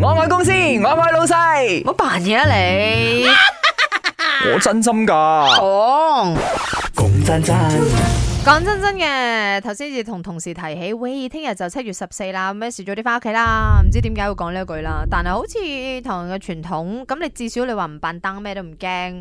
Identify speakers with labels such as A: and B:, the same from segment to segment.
A: 我愛公司，我愛老細。我扮嘢啊你！ 我真心㗎。講講、哦、真真。 講真真嘅，頭先至同同事提起，喂，聽日就七月十四啦，咩事早啲翻屋企啦？唔知點解會講呢句啦。但係好似唐人嘅傳統，咁你至少你話唔扮燈咩都唔驚，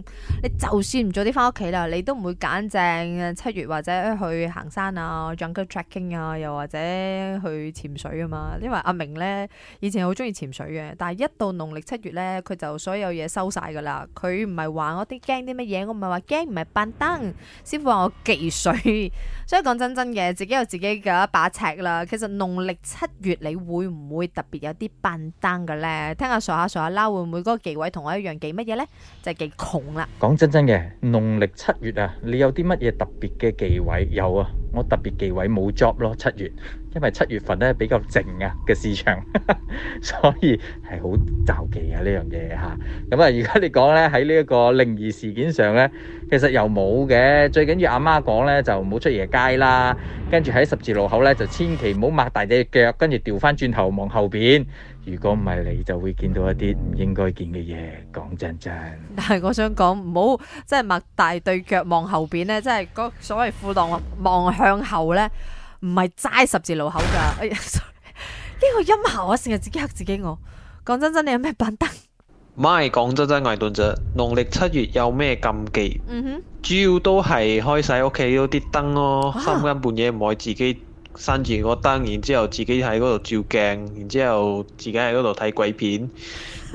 A: 你就算唔早啲翻屋企啦，你都唔會揀正七月或者去行山啊，jungle trekking 啊，又或者去潛水噶嘛。因為阿明呢，以前好中意潛水嘅，但係一到農曆七月呢，佢就所有嘢收晒噶啦。佢唔係話我啲驚啲乜嘢，我唔係話驚，唔係扮燈，師傅話我忌水。 所以講真真嘅，自己有自己嘅一把尺啦。其實農曆七月你會唔會特別有啲笨蛋嘅咧？聽下傻下傻下啦，會唔會嗰個忌諱同我一樣忌乜嘢咧？就係忌窮啦。
B: 講真真嘅，農曆七月啊，你有啲乜嘢特別嘅忌諱有啊？我特別忌諱冇 job 咯，七月，因為七月份咧比較靜啊嘅市場， 所以係好就忌啊呢樣嘢嚇。咁啊，而家你講咧喺呢一個靈異事件上咧，其實又冇嘅。最緊要阿媽講咧就唔好出夜街啦，跟住喺十字路口咧就千祈唔好擘大隻腳，跟住掉翻轉頭望後邊。如果唔係你，就會見到一啲唔應該見嘅嘢。講真真，
A: 但係我想講唔好，即係擘大對腳望後邊咧，即係所謂褲檔望向後呢，唔係齋十字路口㗎。哎呀，呢個音效我成日自己黑自己我，我講真真，你有咩辦得？
B: 唔係講真真捱頓啫。農曆七月有咩禁忌？哼、mm，hmm. 主要都係開晒屋企嗰啲燈咯，三更哇半夜唔可以自己。閂住個燈，然之後自己喺嗰度照鏡，然之後自己喺嗰度睇鬼片，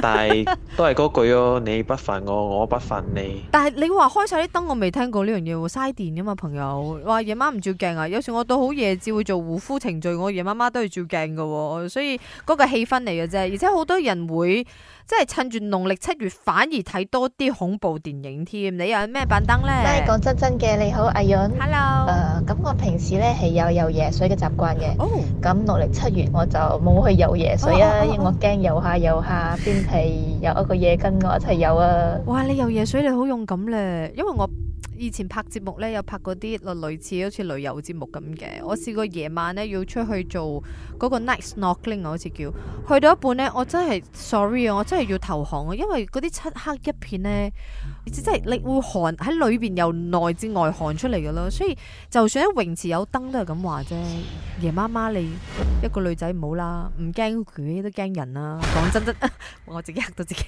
B: 但係都係嗰句咯， 你不煩我，我不煩你。
A: 但係你話開晒啲燈，我未聽過呢樣嘢喎，嘥電噶嘛，朋友。話夜晚唔照鏡啊，有時我到好夜至會做護膚程序，我夜媽媽都要照鏡噶，所以嗰個氣氛嚟嘅啫。而且好多人會即係趁住農曆七月反而睇多啲恐怖電影添。你有咩板燈咧？講、嗯、真真嘅，你好，阿潤。Hello。誒，咁我平時呢係有有嘢。習慣嘅，咁落嚟七月我就冇去游夜水啊！Oh, oh, oh, oh. 我驚游下游下邊皮有一個嘢跟我一齊游啊！哇！你游夜水你好勇敢咧，因為我以前拍節目呢，有拍嗰啲類似好似旅遊節目咁嘅。我試過夜晚呢，要出去做嗰個 night snorkeling，我好似叫，去到一半呢，我真係 sorry 啊！我真係要投降啊，因為嗰啲漆黑一片呢。即係你會寒喺裏邊，由內至外寒出嚟噶咯，所以就算喺泳池有燈都係咁話啫。夜媽媽，你一個女仔唔好啦，唔驚佢都驚人啦，啊。講真真，我自己嚇到自己。